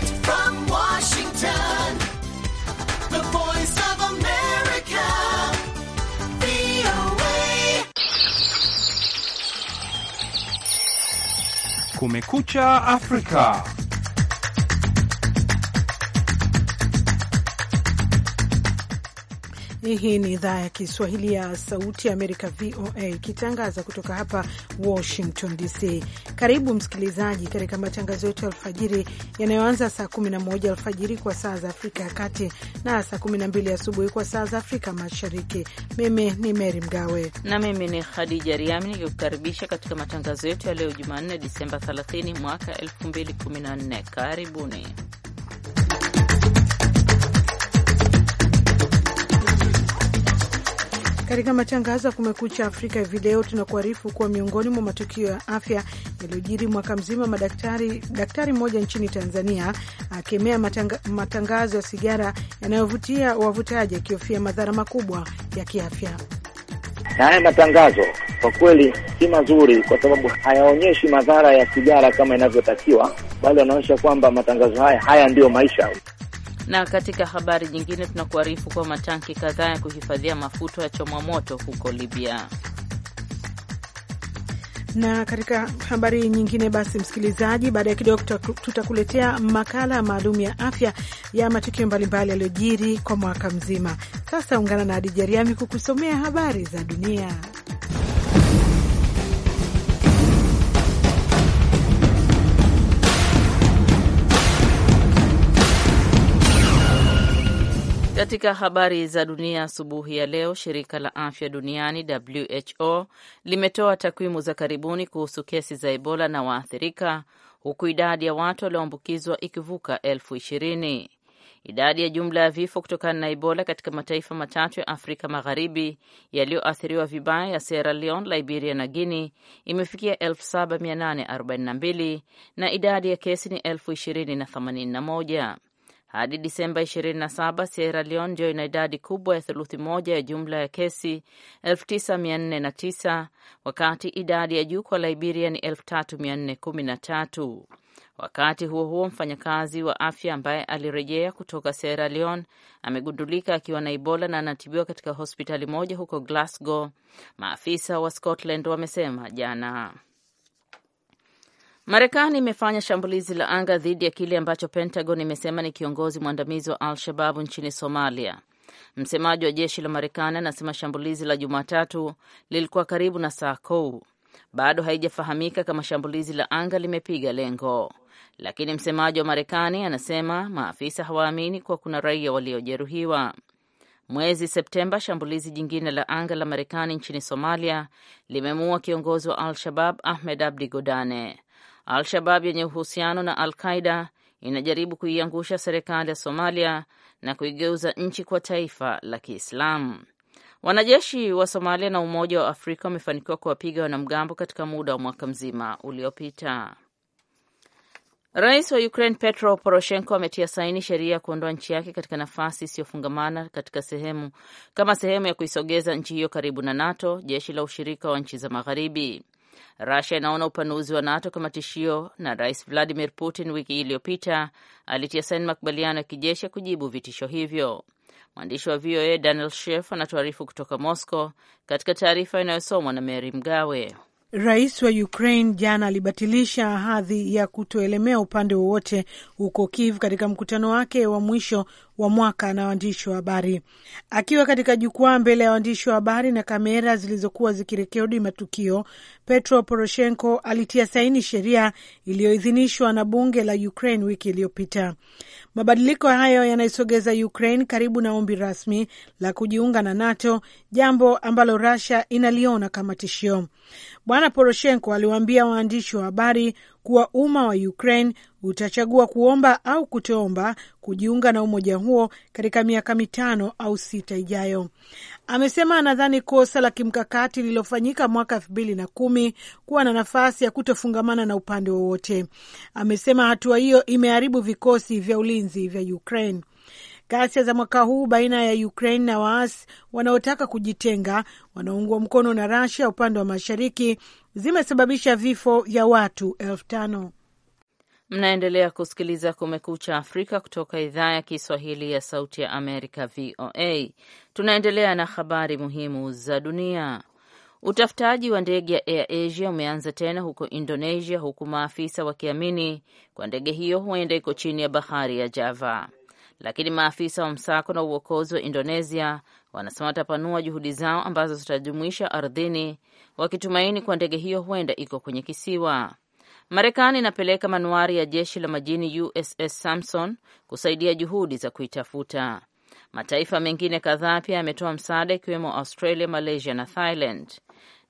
from Washington, the voice of America, VOA. Kumekucha Afrika. Hii ni idhaa ya Kiswahili ya Sauti ya Amerika, VOA, ikitangaza kutoka hapa Washington DC. Karibu msikilizaji katika matangazo yetu ya alfajiri yanayoanza saa 11 alfajiri kwa saa za Afrika ya Kati na saa 12 asubuhi kwa saa za Afrika Mashariki. Mimi ni Meri Mgawe na mimi ni Khadija Riami nikikukaribisha katika matangazo yetu ya leo Jumanne, Disemba 30 mwaka 2014. Karibuni. Katika matangazo ya Kumekucha Afrika hivi leo, tunakuarifu kuwa miongoni mwa matukio ya afya yaliyojiri mwaka mzima, madaktari daktari mmoja nchini Tanzania akemea matanga, matangazo ya sigara yanayovutia wavutaji, akihofia madhara makubwa ya kiafya. Na haya matangazo kwa kweli si mazuri, kwa sababu hayaonyeshi madhara ya sigara kama inavyotakiwa, bali wanaonyesha kwamba matangazo haya haya ndiyo maisha. Na katika habari nyingine, tunakuarifu kuwa matanki kadhaa ya kuhifadhia mafuta yachomwa moto huko Libya. Na katika habari nyingine basi, msikilizaji, baada ya kidogo tutakuletea makala maalum ya afya ya matukio mbalimbali yaliyojiri kwa mwaka mzima. Sasa ungana na Adija Riami kukusomea habari za dunia. Katika habari za dunia asubuhi ya leo, shirika la afya duniani WHO limetoa takwimu za karibuni kuhusu kesi za Ebola na waathirika, huku idadi ya watu walioambukizwa ikivuka elfu ishirini. Idadi ya jumla ya vifo kutokana na Ebola katika mataifa matatu ya Afrika Magharibi yaliyoathiriwa vibaya ya Sierra Leone, Liberia na Guinea imefikia 7842 na idadi ya kesi ni 20081. Hadi Disemba 27, Sierra Leone ndio ina idadi kubwa ya theluthi moja ya jumla ya kesi 9409 wakati idadi ya juu kwa Liberia ni 3413. Wakati huo huo, mfanyakazi wa afya ambaye alirejea kutoka Sierra Leone amegundulika akiwa na Ebola na anatibiwa katika hospitali moja huko Glasgow, maafisa wa Scotland wamesema jana. Marekani imefanya shambulizi la anga dhidi ya kile ambacho Pentagon imesema ni kiongozi mwandamizi wa Al-Shababu nchini Somalia. Msemaji wa jeshi la Marekani anasema shambulizi la Jumatatu lilikuwa karibu na Sakou. Bado haijafahamika kama shambulizi la anga limepiga lengo, lakini msemaji wa Marekani anasema maafisa hawaamini kuwa kuna raia waliojeruhiwa. Mwezi Septemba, shambulizi jingine la anga la Marekani nchini Somalia limemuua kiongozi wa Al-Shabab Ahmed Abdi Godane. Al-Shabab yenye uhusiano na Al-Qaida inajaribu kuiangusha serikali ya Somalia na kuigeuza nchi kwa taifa la Kiislamu. Wanajeshi wa Somalia na Umoja wa Afrika wamefanikiwa kuwapiga wanamgambo katika muda wa mwaka mzima uliopita. Rais wa Ukraine Petro Poroshenko ametia saini sheria ya kuondoa nchi yake katika nafasi isiyofungamana katika sehemu kama sehemu ya kuisogeza nchi hiyo karibu na NATO, jeshi la ushirika wa nchi za Magharibi rusia inaona upanuzi wa NATO kama tishio, na Rais Vladimir Putin wiki iliyopita alitia saini makubaliano ya kijeshi ya kujibu vitisho hivyo. Mwandishi wa VOA Daniel Shef anatuarifu kutoka Moscow, katika taarifa inayosomwa na Mary Mgawe. Rais wa Ukraine jana alibatilisha ahadi ya kutoelemea upande wowote huko Kiev katika mkutano wake wa mwisho wa mwaka na waandishi wa habari. Akiwa katika jukwaa mbele ya waandishi wa habari na kamera zilizokuwa zikirekodi matukio, Petro Poroshenko alitia saini sheria iliyoidhinishwa na bunge la Ukraine wiki iliyopita. Mabadiliko hayo yanaisogeza Ukraine karibu na ombi rasmi la kujiunga na NATO, jambo ambalo Russia inaliona kama tishio. Bwana Poroshenko aliwaambia waandishi wa habari kuwa umma wa Ukraine utachagua kuomba au kutoomba kujiunga na umoja huo katika miaka mitano au sita ijayo. Amesema anadhani kosa la kimkakati lililofanyika mwaka elfu mbili na kumi kuwa na nafasi ya kutofungamana na upande wowote. Amesema hatua hiyo imeharibu vikosi vya ulinzi vya Ukraine. Ghasia za mwaka huu baina ya Ukraine na waasi wanaotaka kujitenga wanaoungwa mkono na Rasia upande wa mashariki zimesababisha vifo vya watu elfu tano. Mnaendelea kusikiliza Kumekucha Afrika kutoka idhaa ya Kiswahili ya Sauti ya Amerika, VOA. Tunaendelea na habari muhimu za dunia. Utafutaji wa ndege ya Air Asia umeanza tena huko Indonesia, huku maafisa wakiamini kwa ndege hiyo huenda iko chini ya bahari ya Java, lakini maafisa wa msako na uokozi wa Indonesia wanasema watapanua juhudi zao ambazo zitajumuisha ardhini, wakitumaini kwa ndege hiyo huenda iko kwenye kisiwa. Marekani inapeleka manuari ya jeshi la majini USS Samson kusaidia juhudi za kuitafuta. Mataifa mengine kadhaa pia yametoa msaada ikiwemo Australia, Malaysia na Thailand.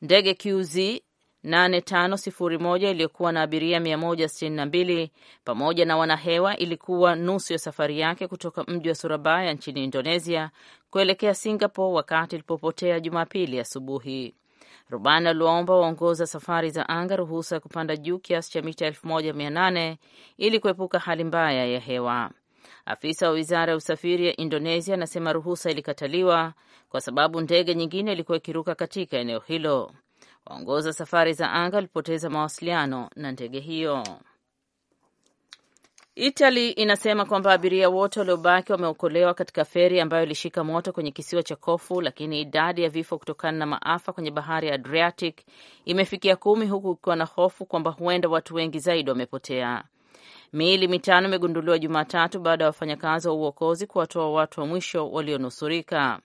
Ndege QZ 8501 iliyokuwa na abiria 162 pamoja na wanahewa ilikuwa nusu ya safari yake kutoka mji wa Surabaya nchini Indonesia kuelekea Singapore wakati ilipopotea Jumapili asubuhi. Rubani aliwaomba waongoza safari za anga ruhusa ya kupanda juu kiasi cha mita 1800 ili kuepuka hali mbaya ya hewa. Afisa wa wizara ya usafiri ya Indonesia anasema ruhusa ilikataliwa kwa sababu ndege nyingine ilikuwa ikiruka katika eneo hilo. Waongoza safari za anga walipoteza mawasiliano na ndege hiyo. Italy inasema kwamba abiria wote waliobaki wameokolewa katika feri ambayo ilishika moto kwenye kisiwa cha Kofu, lakini idadi ya vifo kutokana na maafa kwenye bahari ya Adriatic imefikia kumi, huku kukiwa na hofu kwamba huenda watu wengi zaidi wamepotea. Miili mitano imegunduliwa Jumatatu baada ya wafanyakazi wa uokozi kuwatoa watu wa mwisho walionusurika.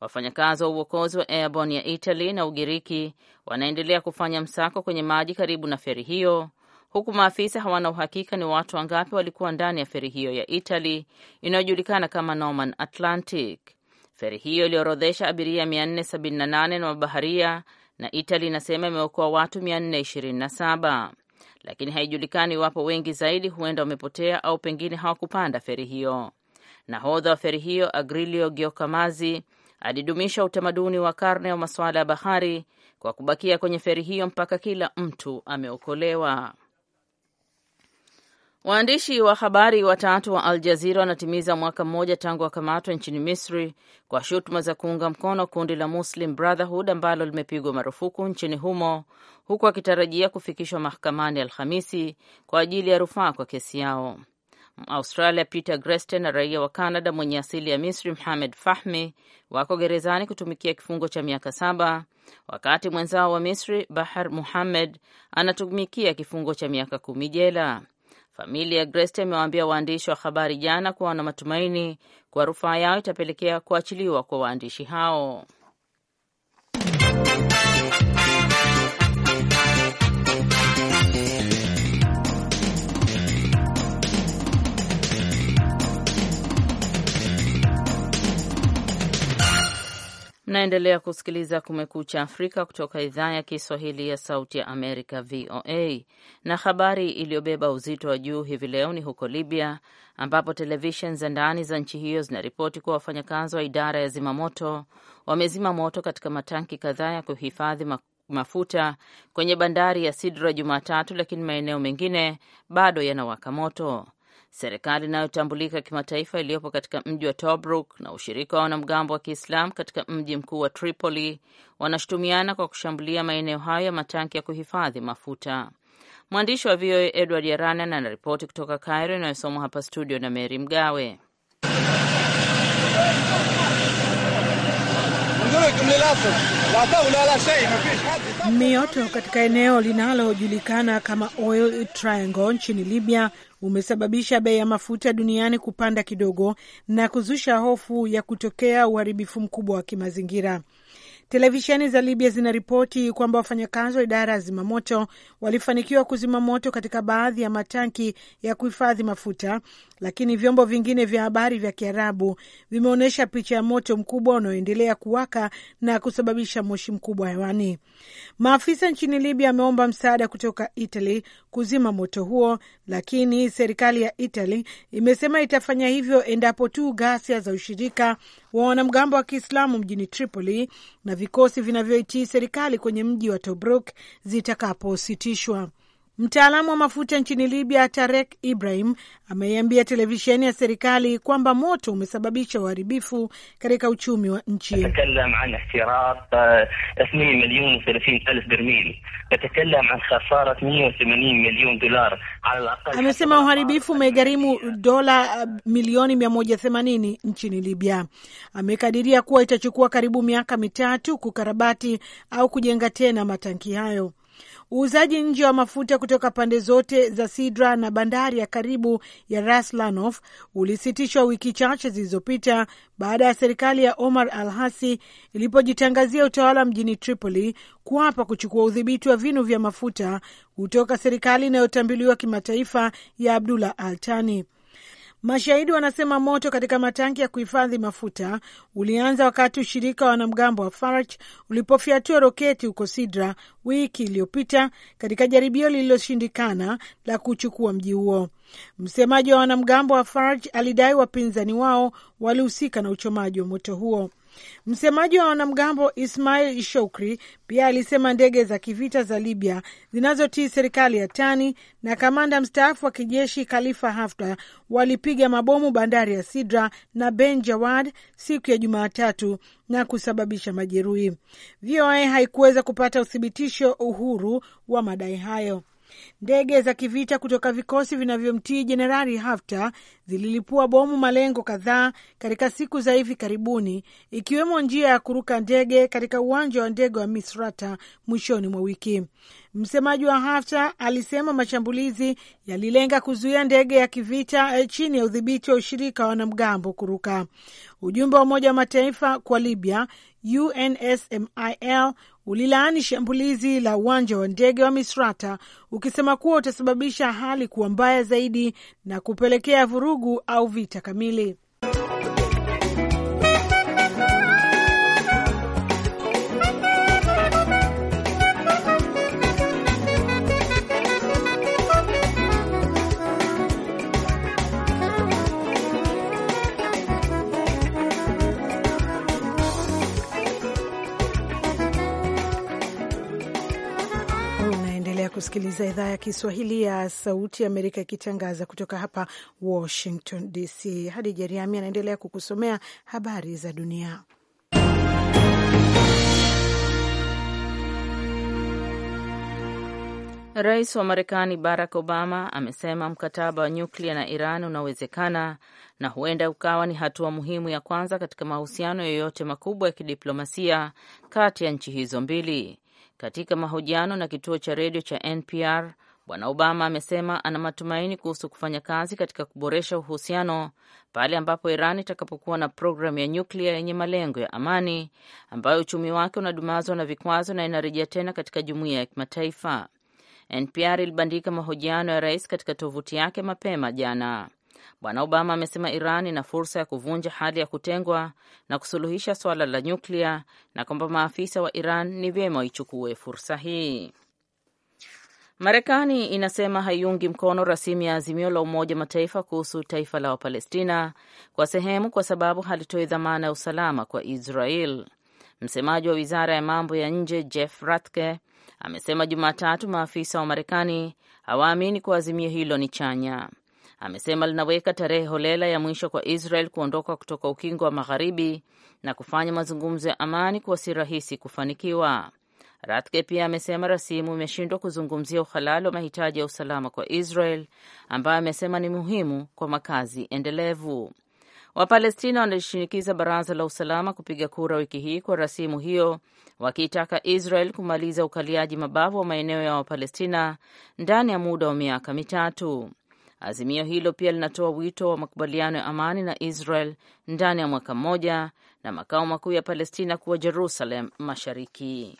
Wafanyakazi wa uokozi wa Airborne ya Italy na Ugiriki wanaendelea kufanya msako kwenye maji karibu na feri hiyo huku maafisa hawana uhakika ni watu wangapi walikuwa ndani ya feri hiyo ya Italy inayojulikana kama Norman Atlantic. Feri hiyo iliorodhesha abiria 478 na mabaharia na Italy inasema imeokoa watu 427, lakini haijulikani iwapo wengi zaidi huenda wamepotea au pengine hawakupanda feri hiyo. Nahodha wa feri hiyo Agrilio Giocamazi alidumisha utamaduni wa karne wa masuala ya bahari kwa kubakia kwenye feri hiyo mpaka kila mtu ameokolewa. Waandishi wa habari watatu wa Al Jazira wanatimiza mwaka mmoja tangu wakamatwa nchini Misri kwa shutuma za kuunga mkono kundi la Muslim Brotherhood ambalo limepigwa marufuku nchini humo huku akitarajia kufikishwa mahakamani Alhamisi kwa ajili ya rufaa kwa kesi yao. Australia Peter Greste na raia wa Canada mwenye asili ya Misri Mohamed Fahmi wako gerezani kutumikia kifungo cha miaka saba wakati mwenzao wa Misri Bahar Muhamed anatumikia kifungo cha miaka kumi jela. Familia ya Greste amewaambia waandishi wa habari jana kuwa wana matumaini kuwa rufaa yao itapelekea kuachiliwa kwa waandishi hao. Mnaendelea kusikiliza Kumekucha Afrika kutoka idhaa ya Kiswahili ya Sauti ya Amerika, VOA. Na habari iliyobeba uzito wa juu hivi leo ni huko Libya, ambapo televisheni za ndani za nchi hiyo zinaripoti kuwa wafanyakazi wa idara ya zimamoto wamezima moto katika matanki kadhaa ya kuhifadhi mafuta kwenye bandari ya Sidra Jumatatu, lakini maeneo mengine bado yanawaka moto. Serikali inayotambulika kimataifa iliyopo katika mji wa Tobruk na ushirika wa wanamgambo wa Kiislam katika mji mkuu wa Tripoli wanashutumiana kwa kushambulia maeneo hayo ya matanki ya kuhifadhi mafuta. Mwandishi wa VOA Edward Yaranan anaripoti kutoka Cairo, inayosomwa hapa studio na mery Mgawe. Mioto katika eneo linalojulikana kama Oil Triangle nchini Libya umesababisha bei ya mafuta duniani kupanda kidogo na kuzusha hofu ya kutokea uharibifu mkubwa wa kimazingira. Televisheni za Libya zinaripoti kwamba wafanyakazi wa idara ya zimamoto walifanikiwa kuzima moto katika baadhi ya matanki ya kuhifadhi mafuta lakini vyombo vingine vya habari vya Kiarabu vimeonyesha picha ya moto mkubwa unaoendelea kuwaka na kusababisha moshi mkubwa hewani. Maafisa nchini Libya ameomba msaada kutoka Italy kuzima moto huo, lakini serikali ya Italy imesema itafanya hivyo endapo tu ghasia za ushirika wa wanamgambo wa Kiislamu mjini Tripoli na vikosi vinavyoitii serikali kwenye mji wa Tobruk zitakapositishwa. Mtaalamu wa mafuta nchini Libya, Tarek Ibrahim, ameiambia televisheni ya serikali kwamba moto umesababisha uharibifu katika uchumi wa nchi. Eh, Amesema uharibifu umegharimu dola eh, milioni themanini nchini Libya. Amekadiria kuwa itachukua karibu miaka mitatu kukarabati au kujenga tena matanki hayo. Uuzaji nje wa mafuta kutoka pande zote za Sidra na bandari ya karibu ya Ras Lanov ulisitishwa wiki chache zilizopita baada ya serikali ya Omar Al Hasi ilipojitangazia utawala mjini Tripoli kuapa kuchukua udhibiti wa vinu vya mafuta kutoka serikali inayotambuliwa kimataifa ya Abdullah Al Tani. Mashahidi wanasema moto katika matanki ya kuhifadhi mafuta ulianza wakati ushirika wa wanamgambo wa Farc ulipofyatua roketi huko Sidra wiki iliyopita katika jaribio lililoshindikana la kuchukua mji huo. Msemaji wa wanamgambo wa Farc alidai wapinzani wao walihusika na uchomaji wa moto huo. Msemaji wa wanamgambo Ismail Shoukri pia alisema ndege za kivita za Libya zinazotii serikali ya Tani na kamanda mstaafu wa kijeshi Khalifa Haftar walipiga mabomu bandari ya Sidra na Ben Jawad siku ya Jumatatu na kusababisha majeruhi. VOA haikuweza kupata uthibitisho uhuru wa madai hayo. Ndege za kivita kutoka vikosi vinavyomtii Jenerali Haftar zililipua bomu malengo kadhaa katika siku za hivi karibuni, ikiwemo njia ya kuruka ndege katika uwanja wa ndege wa Misrata mwishoni mwa wiki. Msemaji wa Haftar alisema mashambulizi yalilenga kuzuia ndege ya kivita eh, chini ya udhibiti wa ushirika wa wanamgambo kuruka. Ujumbe wa Umoja wa Mataifa kwa Libya UNSMIL ulilaani shambulizi la uwanja wa ndege wa Misrata ukisema kuwa utasababisha hali kuwa mbaya zaidi na kupelekea vurugu au vita kamili. kusikiliza idhaa ya Kiswahili ya Sauti Amerika ikitangaza kutoka hapa Washington DC. Hadi Jeriami anaendelea kukusomea habari za dunia. Rais wa Marekani Barack Obama amesema mkataba wa nyuklia na Iran unawezekana na huenda ukawa ni hatua muhimu ya kwanza katika mahusiano yoyote makubwa ya kidiplomasia kati ya nchi hizo mbili. Katika mahojiano na kituo cha redio cha NPR, Bwana Obama amesema ana matumaini kuhusu kufanya kazi katika kuboresha uhusiano pale ambapo Iran itakapokuwa na programu ya nyuklia yenye malengo ya amani ambayo uchumi wake unadumazwa na vikwazo na inarejea tena katika jumuiya ya kimataifa. NPR ilibandika mahojiano ya rais katika tovuti yake mapema jana. Bwana Obama amesema Iran ina fursa ya kuvunja hali ya kutengwa na kusuluhisha suala la nyuklia na kwamba maafisa wa Iran ni vyema waichukue fursa hii. Marekani inasema haiungi mkono rasimu ya azimio la Umoja Mataifa kuhusu taifa la Wapalestina kwa sehemu, kwa sababu halitoi dhamana ya usalama kwa Israel. Msemaji wa wizara ya mambo ya nje Jeff Ratke amesema Jumatatu maafisa wa Marekani hawaamini kuwa azimio hilo ni chanya amesema linaweka tarehe holela ya mwisho kwa Israel kuondoka kutoka ukingo wa magharibi na kufanya mazungumzo ya amani kuwa si rahisi kufanikiwa. Ratke pia amesema rasimu imeshindwa kuzungumzia uhalali wa mahitaji ya usalama kwa Israel ambayo amesema ni muhimu kwa makazi endelevu. Wapalestina wanalishinikiza baraza la usalama kupiga kura wiki hii kwa rasimu hiyo, wakiitaka Israel kumaliza ukaliaji mabavu wa maeneo ya Wapalestina ndani ya muda wa miaka mitatu. Azimio hilo pia linatoa wito wa makubaliano ya amani na Israel ndani ya mwaka mmoja na makao makuu ya Palestina kuwa Jerusalem Mashariki.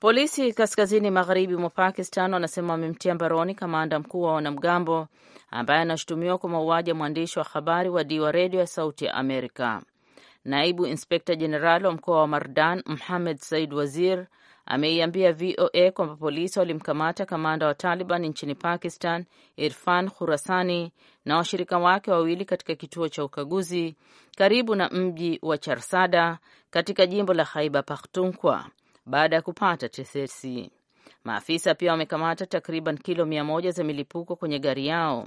Polisi kaskazini magharibi mwa Pakistan wanasema wamemtia mbaroni kamanda mkuu wa wanamgambo ambaye anashutumiwa kwa mauaji ya mwandishi wa habari wa diwa redio ya Sauti ya Amerika. Naibu inspekta jenerali wa mkoa wa Mardan, Muhamed Said Wazir, ameiambia VOA kwamba polisi walimkamata kamanda wa Taliban nchini Pakistan, Irfan Khurasani, na washirika wake wawili katika kituo cha ukaguzi karibu na mji wa Charsada katika jimbo la Khaiba Pakhtunkwa baada ya kupata tetesi. Maafisa pia wamekamata takriban kilo mia moja za milipuko kwenye gari yao.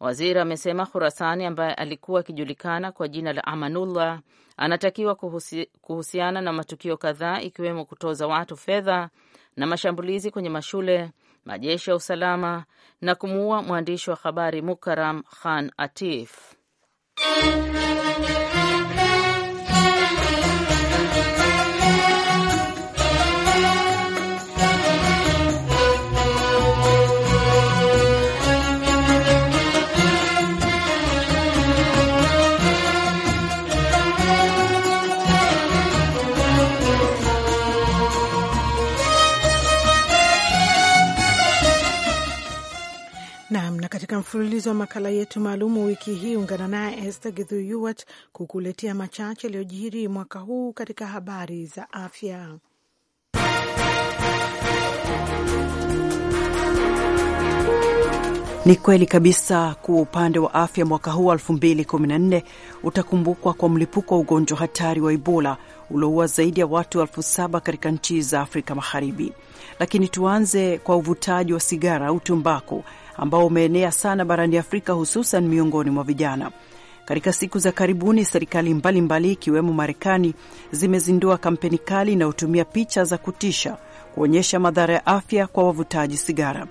Waziri amesema Khurasani ambaye alikuwa akijulikana kwa jina la Amanullah anatakiwa kuhusi, kuhusiana na matukio kadhaa ikiwemo kutoza watu fedha na mashambulizi kwenye mashule, majeshi ya usalama na kumuua mwandishi wa habari Mukaram Khan Atif. Katika mfululizo wa makala yetu maalumu wiki hii, ungana naye Esther Githyuwat kukuletea machache yaliyojiri mwaka huu katika habari za afya. Ni kweli kabisa kuwa upande wa afya mwaka huu 2014 utakumbukwa kwa mlipuko wa ugonjwa hatari wa Ebola ulioua zaidi ya watu elfu saba katika nchi za Afrika Magharibi. Lakini tuanze kwa uvutaji wa sigara au tumbaku ambao umeenea sana barani Afrika, hususan miongoni mwa vijana. Katika siku za karibuni serikali mbalimbali ikiwemo Marekani zimezindua kampeni kali inayotumia picha za kutisha kuonyesha madhara ya afya kwa wavutaji sigara,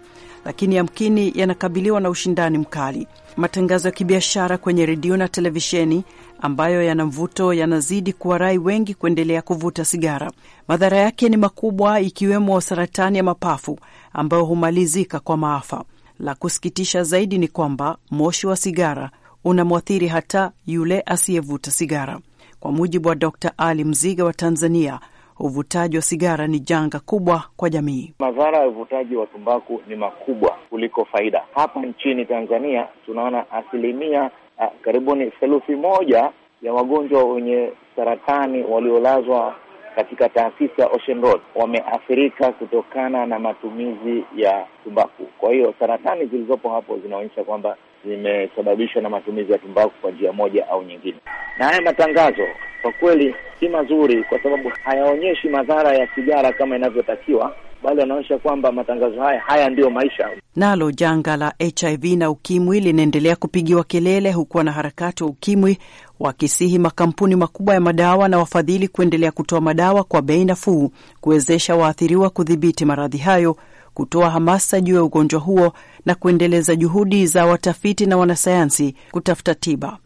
lakini yamkini yanakabiliwa na ushindani mkali. Matangazo ya kibiashara kwenye redio na televisheni ambayo yana mvuto yanazidi kuwarai wengi kuendelea kuvuta sigara. Madhara yake ni makubwa, ikiwemo saratani ya mapafu ambayo humalizika kwa maafa. La kusikitisha zaidi ni kwamba moshi wa sigara unamwathiri hata yule asiyevuta sigara. Kwa mujibu wa Dr. Ali Mziga wa Tanzania, uvutaji wa sigara ni janga kubwa kwa jamii. Madhara ya uvutaji wa tumbaku ni makubwa kuliko faida. Hapa nchini Tanzania tunaona asilimia ah, karibuni theluthi moja ya wagonjwa wenye saratani waliolazwa katika taasisi ya Ocean Road wameathirika kutokana na matumizi ya tumbaku. Kwa hiyo saratani zilizopo hapo zinaonyesha kwamba zimesababishwa na matumizi ya tumbaku kwa njia moja au nyingine. Na haya matangazo kwa kweli si mazuri, kwa sababu hayaonyeshi madhara ya sigara kama inavyotakiwa bali wanaonyesha kwamba matangazo haya haya ndiyo maisha. Nalo janga la HIV na ukimwi linaendelea kupigiwa kelele, huku wanaharakati wa ukimwi wakisihi makampuni makubwa ya madawa na wafadhili kuendelea kutoa madawa kwa bei nafuu, kuwezesha waathiriwa kudhibiti maradhi hayo, kutoa hamasa juu ya ugonjwa huo na kuendeleza juhudi za watafiti na wanasayansi kutafuta tiba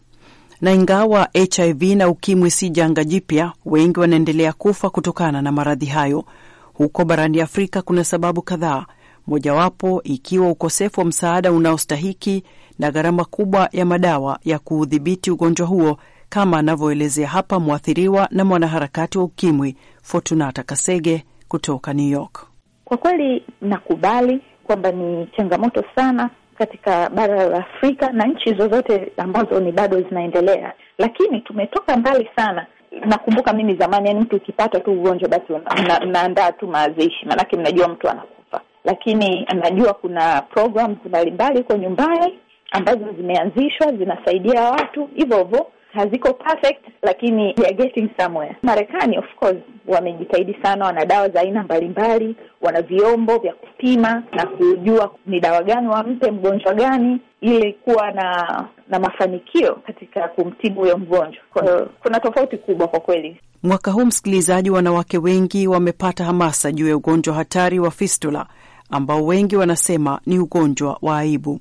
na ingawa HIV na ukimwi si janga jipya, wengi wanaendelea kufa kutokana na maradhi hayo huko barani Afrika kuna sababu kadhaa, mojawapo ikiwa ukosefu wa msaada unaostahiki na gharama kubwa ya madawa ya kuudhibiti ugonjwa huo, kama anavyoelezea hapa mwathiriwa na mwanaharakati wa ukimwi Fortunata Kasege kutoka New York. Kwa kweli nakubali kwamba ni changamoto sana katika bara la Afrika na nchi zozote ambazo ni bado zinaendelea, lakini tumetoka mbali sana nakumbuka mimi zamani, yani mtu ukipata tu ugonjwa basi mnaandaa tu mazishi, maanake mnajua mtu anakufa, lakini najua kuna programs mbalimbali huko nyumbani ambazo zimeanzishwa zinasaidia watu hivyo hivyo haziko perfect lakini they are getting somewhere. Marekani of course wamejitahidi sana, wana dawa za aina mbalimbali, wana vyombo vya kupima na kujua ni dawa gani wampe mgonjwa gani, ili kuwa na na mafanikio katika kumtibu huyo mgonjwa. Kwa hiyo kuna tofauti kubwa kwa kweli. Mwaka huu, msikilizaji, wanawake wengi wamepata hamasa juu ya ugonjwa hatari wa fistula ambao wengi wanasema ni ugonjwa wa aibu.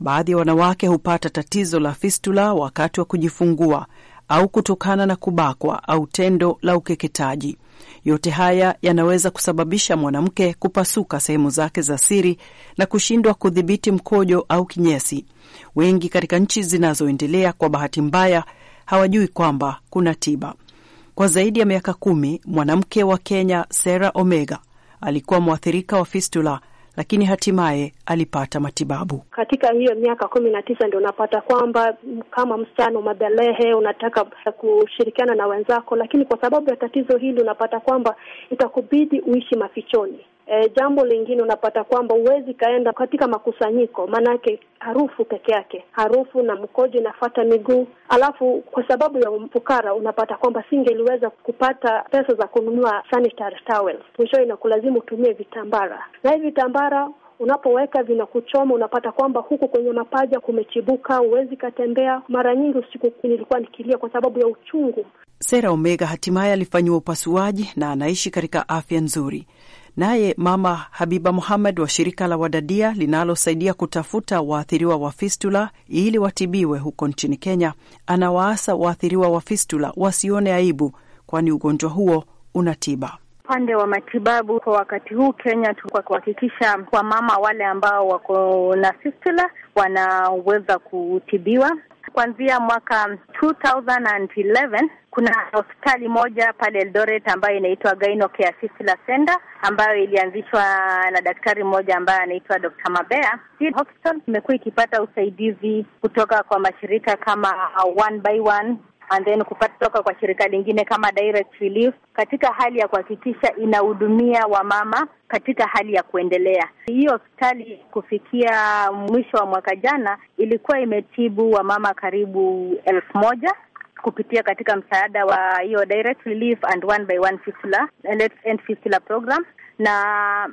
Baadhi ya wanawake hupata tatizo la fistula wakati wa kujifungua au kutokana na kubakwa au tendo la ukeketaji. Yote haya yanaweza kusababisha mwanamke kupasuka sehemu zake za siri na kushindwa kudhibiti mkojo au kinyesi. Wengi katika nchi zinazoendelea, kwa bahati mbaya, hawajui kwamba kuna tiba. Kwa zaidi ya miaka kumi, mwanamke wa Kenya Sarah Omega alikuwa mwathirika wa fistula lakini hatimaye alipata matibabu katika hiyo miaka kumi na tisa. Ndio unapata kwamba kama msichana umebelehe, unataka kushirikiana na wenzako, lakini kwa sababu ya tatizo hili unapata kwamba itakubidi uishi mafichoni. E, jambo lingine unapata kwamba huwezi kaenda katika makusanyiko, maanake harufu peke yake, harufu na mkojo inafata miguu. Alafu kwa sababu ya ufukara unapata kwamba singeliweza kupata pesa za kununua sanitary towels, mwisho inakulazimu utumie vitambara, na hivi vitambara unapoweka vinakuchoma, unapata kwamba huku kwenye mapaja kumechibuka, huwezi katembea. Mara nyingi usiku nilikuwa nikilia kwa sababu ya uchungu. Sera Omega hatimaye alifanyiwa upasuaji na anaishi katika afya nzuri. Naye Mama Habiba Muhammad wa shirika la Wadadia linalosaidia kutafuta waathiriwa wa fistula ili watibiwe huko nchini Kenya, anawaasa waathiriwa wa fistula wasione aibu, kwani ugonjwa huo una tiba upande wa matibabu kwa wakati huu Kenya, kwa kuhakikisha kwa mama wale ambao wako na fistula wanaweza kutibiwa kuanzia mwaka 2011 kuna hospitali moja pale Eldoret ambayo inaitwa Gaino Care Fistula Center ambayo ilianzishwa na daktari mmoja ambaye anaitwa Dr. Mabea. Hii hospital imekuwa ikipata usaidizi kutoka kwa mashirika kama One by One and then kupata kutoka kwa shirika lingine kama Direct Relief katika hali ya kuhakikisha inahudumia wamama katika hali ya kuendelea. Hii hospitali kufikia mwisho wa mwaka jana ilikuwa imetibu wamama karibu elfu moja kupitia katika msaada wa hiyo Direct Relief and One by One Fistula, and Fistula program na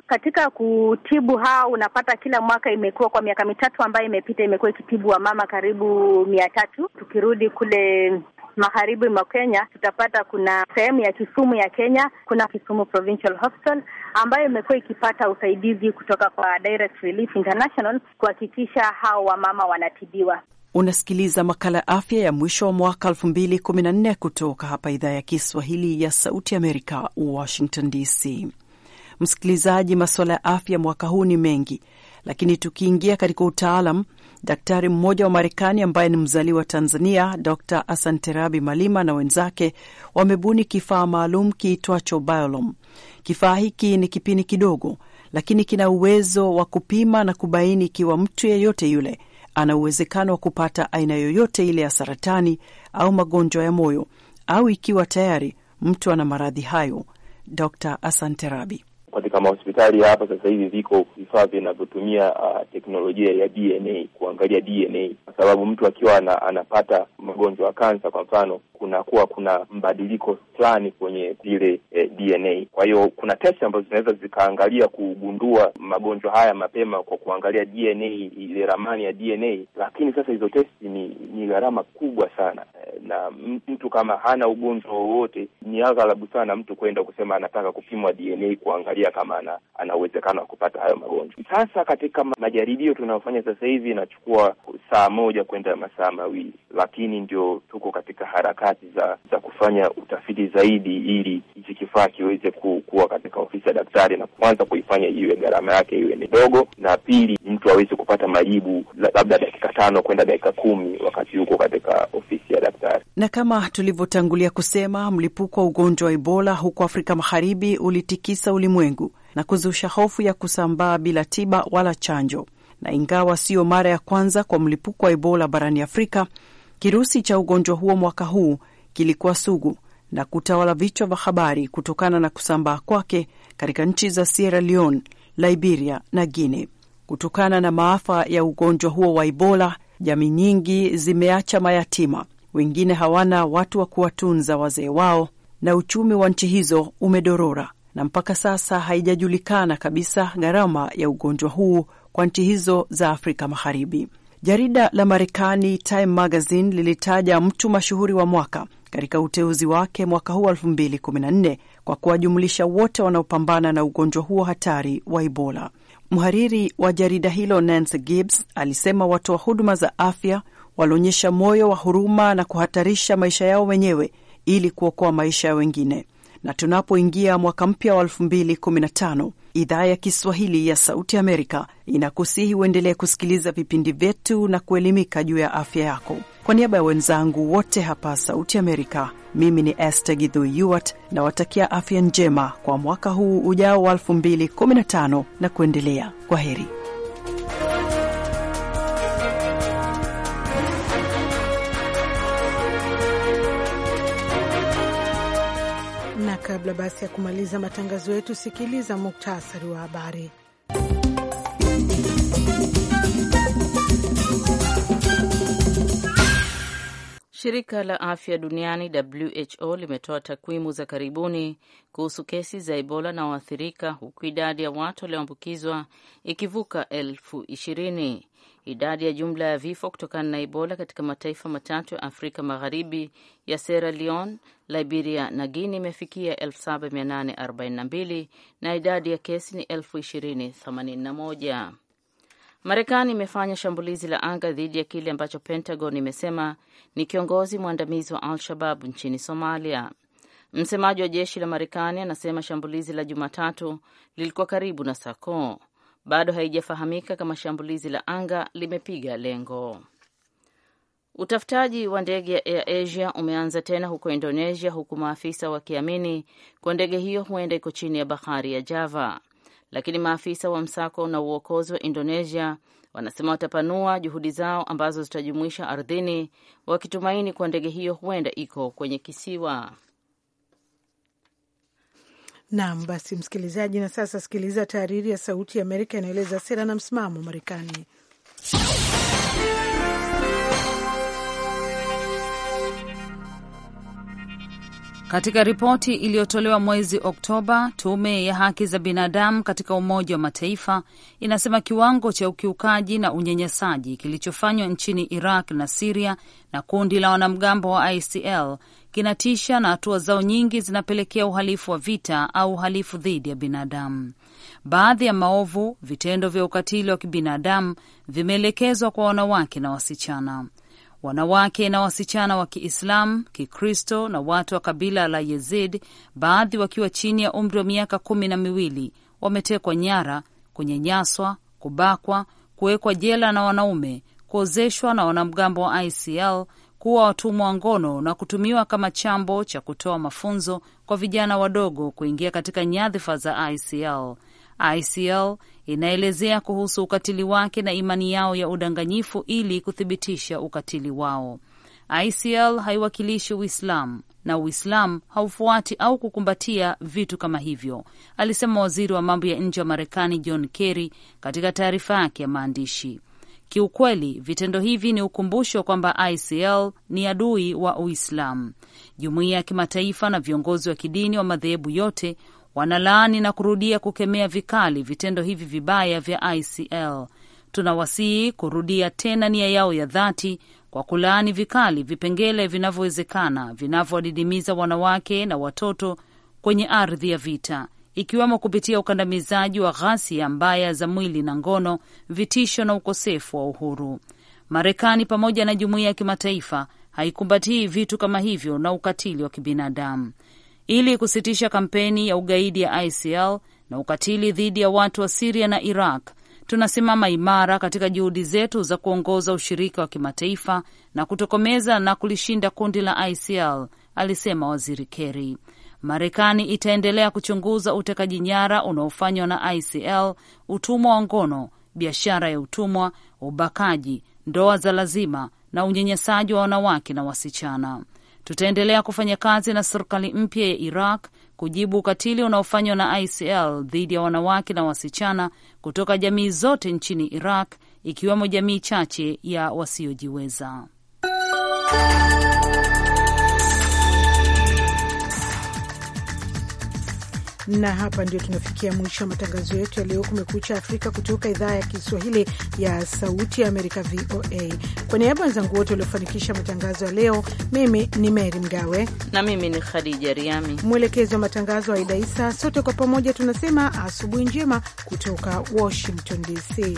katika kutibu hao unapata kila mwaka imekuwa kwa miaka mitatu ambayo imepita imekuwa ikitibu wamama karibu mia tatu. Tukirudi kule magharibi mwa Kenya tutapata kuna sehemu ya Kisumu ya Kenya, kuna Kisumu Provincial Hospital ambayo imekuwa ikipata usaidizi kutoka kwa Direct Relief International kuhakikisha hao wamama wanatibiwa. Unasikiliza makala ya afya ya mwisho wa mwaka 2014 kutoka hapa idhaa ya Kiswahili ya Sauti Amerika, Washington DC. Msikilizaji, masuala ya afya mwaka huu ni mengi, lakini tukiingia katika utaalam Daktari mmoja wa Marekani ambaye ni mzaliwa Tanzania, Dr Asanterabi Malima na wenzake wamebuni kifaa maalum kiitwacho Biolom. Kifaa hiki ni kipini kidogo, lakini kina uwezo wa kupima na kubaini ikiwa mtu yeyote yule ana uwezekano wa kupata aina yoyote ile ya saratani au magonjwa ya moyo au ikiwa tayari mtu ana maradhi hayo. Dr Asanterabi katika mahospitali hapa sasa hivi viko vifaa vinavyotumia uh, teknolojia ya DNA kuangalia DNA, kwa sababu mtu akiwa ana, anapata magonjwa ya kansa kwa mfano, kunakuwa kuna mbadiliko fulani kwenye zile eh, DNA. Kwa hiyo kuna testi ambazo zinaweza zikaangalia kugundua magonjwa haya mapema kwa kuangalia DNA, ile ramani ya DNA, lakini sasa hizo testi ni, ni gharama kubwa sana eh, na mtu kama hana ugonjwa wowote, ni aghalabu sana mtu kwenda kusema anataka kupimwa DNA kuangalia kuangalia kama ana, ana uwezekano wa kupata hayo magonjwa. Sasa katika majaribio tunayofanya sasa hivi inachukua saa moja kwenda masaa mawili, lakini ndio tuko katika harakati za za kufanya utafiti zaidi ili hichi kifaa kiweze ku, kuwa katika ofisi ya daktari na kwanza kuifanya iwe gharama yake iwe ni dogo, na pili mtu aweze kupata majibu labda dakika tano kwenda dakika kumi wakati huko katika ofisi ya daktari. Na kama tulivyotangulia kusema, mlipuko wa ugonjwa wa Ebola huko Afrika Magharibi ulitikisa ulimwengu ulimwengu na kuzusha hofu ya kusambaa bila tiba wala chanjo. Na ingawa siyo mara ya kwanza kwa mlipuko wa Ebola barani Afrika, kirusi cha ugonjwa huo mwaka huu kilikuwa sugu na kutawala vichwa vya habari kutokana na kusambaa kwake katika nchi za Sierra Leone, Liberia na Guinea. Kutokana na maafa ya ugonjwa huo wa Ebola, jamii nyingi zimeacha mayatima, wengine hawana watu wa kuwatunza wazee wao, na uchumi wa nchi hizo umedorora na mpaka sasa haijajulikana kabisa gharama ya ugonjwa huu kwa nchi hizo za Afrika Magharibi. Jarida la Marekani Time Magazine lilitaja mtu mashuhuri wa mwaka katika uteuzi wake mwaka huu 2014 kwa kuwajumlisha wote wanaopambana na ugonjwa huo hatari wa Ebola. Mhariri wa jarida hilo Nancy Gibbs alisema watoa wa huduma za afya walionyesha moyo wa huruma na kuhatarisha maisha yao wenyewe ili kuokoa maisha ya wengine na tunapoingia mwaka mpya wa 2015 idhaa ya Kiswahili ya Sauti Amerika inakusihi uendelee kusikiliza vipindi vyetu na kuelimika juu ya afya yako. Kwa niaba ya wenzangu wote hapa Sauti Amerika, mimi ni este Githu Yuart na watakia afya njema kwa mwaka huu ujao wa 2015 na kuendelea. Kwa heri. Kabla basi ya kumaliza matangazo yetu, sikiliza muktasari wa habari. Shirika la afya duniani WHO limetoa takwimu za karibuni kuhusu kesi za Ebola na waathirika, huku idadi ya watu walioambukizwa ikivuka elfu ishirini. Idadi ya jumla ya vifo kutokana na Ebola katika mataifa matatu ya Afrika Magharibi ya Sierra Leone, Liberia na Guinea imefikia 7842 na idadi ya kesi ni 20081. Marekani imefanya shambulizi la anga dhidi ya kile ambacho Pentagon imesema ni kiongozi mwandamizi wa Al-Shabab nchini Somalia. Msemaji wa jeshi la Marekani anasema shambulizi la Jumatatu lilikuwa karibu na Sako bado haijafahamika kama shambulizi la anga limepiga lengo. Utafutaji wa ndege ya Air Asia umeanza tena huko Indonesia, huku maafisa wakiamini kwa ndege hiyo huenda iko chini ya bahari ya Java, lakini maafisa wa msako na uokozi wa Indonesia wanasema watapanua juhudi zao ambazo zitajumuisha ardhini, wakitumaini kuwa ndege hiyo huenda iko kwenye kisiwa. Naam, basi msikilizaji, na sasa sikiliza tahariri ya Sauti ya Amerika inaeleza sera na msimamo Marekani. Katika ripoti iliyotolewa mwezi Oktoba, tume ya haki za binadamu katika Umoja wa Mataifa inasema kiwango cha ukiukaji na unyanyasaji kilichofanywa nchini Iraq na Siria na kundi la wanamgambo wa ICL kinatisha na hatua zao nyingi zinapelekea uhalifu wa vita au uhalifu dhidi ya binadamu. Baadhi ya maovu, vitendo vya ukatili wa kibinadamu vimeelekezwa kwa wanawake na wasichana. Wanawake na wasichana wa Kiislamu, Kikristo na watu wa kabila la yezid baadhi wakiwa chini ya umri wa miaka kumi na miwili, wametekwa nyara, kunyanyaswa, kubakwa, kuwekwa jela na wanaume, kuozeshwa na wanamgambo wa ICL kuwa watumwa wa ngono na kutumiwa kama chambo cha kutoa mafunzo kwa vijana wadogo kuingia katika nyadhifa za ICL. ICL inaelezea kuhusu ukatili wake na imani yao ya udanganyifu ili kuthibitisha ukatili wao. ICL haiwakilishi Uislamu na Uislamu haufuati au kukumbatia vitu kama hivyo, alisema waziri wa mambo ya nje wa Marekani John Kerry katika taarifa yake ya maandishi. Kiukweli vitendo hivi ni ukumbusho kwamba ICL ni adui wa Uislamu. Jumuiya ya kimataifa na viongozi wa kidini wa madhehebu yote wanalaani na kurudia kukemea vikali vitendo hivi vibaya vya ICL. Tunawasihi kurudia tena nia yao ya dhati kwa kulaani vikali vipengele vinavyowezekana vinavyowadidimiza wanawake na watoto kwenye ardhi ya vita ikiwemo kupitia ukandamizaji wa ghasia mbaya za mwili na ngono, vitisho na ukosefu wa uhuru. Marekani pamoja na jumuiya ya kimataifa haikumbatii vitu kama hivyo na ukatili wa kibinadamu. Ili kusitisha kampeni ya ugaidi ya ICL na ukatili dhidi ya watu wa Siria na Iraq, tunasimama imara katika juhudi zetu za kuongoza ushirika wa kimataifa na kutokomeza na kulishinda kundi la ICL, alisema Waziri Kerry. Marekani itaendelea kuchunguza utekaji nyara unaofanywa na ICL, utumwa wa ngono, biashara ya utumwa, ubakaji, ndoa za lazima na unyanyasaji wa wanawake na wasichana. Tutaendelea kufanya kazi na serikali mpya ya Iraq kujibu ukatili unaofanywa na ICL dhidi ya wanawake na wasichana kutoka jamii zote nchini Iraq, ikiwemo jamii chache ya wasiojiweza. Na hapa ndio tunafikia mwisho wa matangazo yetu ya leo, Kumekucha Afrika, kutoka idhaa ya Kiswahili ya Sauti ya Amerika, VOA. Kwa niaba wenzangu wote waliofanikisha matangazo ya leo, mimi ni Meri Mgawe na mimi ni Khadija Riami, mwelekezi wa matangazo Aida Isa. Sote kwa pamoja tunasema asubuhi njema kutoka Washington DC.